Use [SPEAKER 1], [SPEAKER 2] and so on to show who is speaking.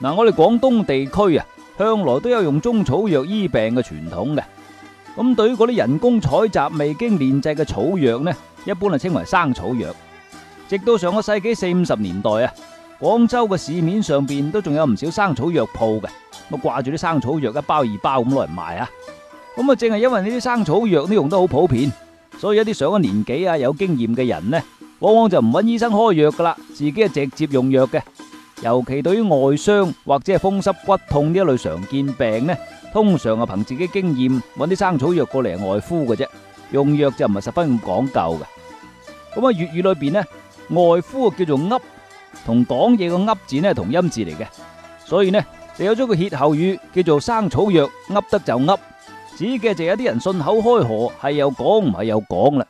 [SPEAKER 1] 嗱，我哋廣東地區啊，向來都有用中草藥醫病嘅傳統嘅。咁對於嗰啲人工採集未經煉製嘅草藥呢，一般係稱為生草藥。直到上個世紀四五十年代啊，廣州嘅市面上邊都仲有唔少生草藥鋪嘅，咁掛住啲生草藥一包二包咁攞嚟賣啊。咁啊，正係因為呢啲生草藥都用得好普遍，所以一啲上咗年紀啊有經驗嘅人呢，往往就唔揾醫生開藥噶啦，自己係直接用藥嘅。尤其對於外傷或者係風濕骨痛呢一類常見病呢，通常啊憑自己經驗揾啲生草藥過嚟外敷嘅啫，用藥就唔係十分咁講究嘅。咁啊粵語裏邊呢，外敷啊叫做噏，同講嘢嘅噏字呢，同音字嚟嘅，所以呢就有咗個歇後語，叫做生草藥噏得就噏，指嘅就有啲人信口開河係又講唔係又講啦。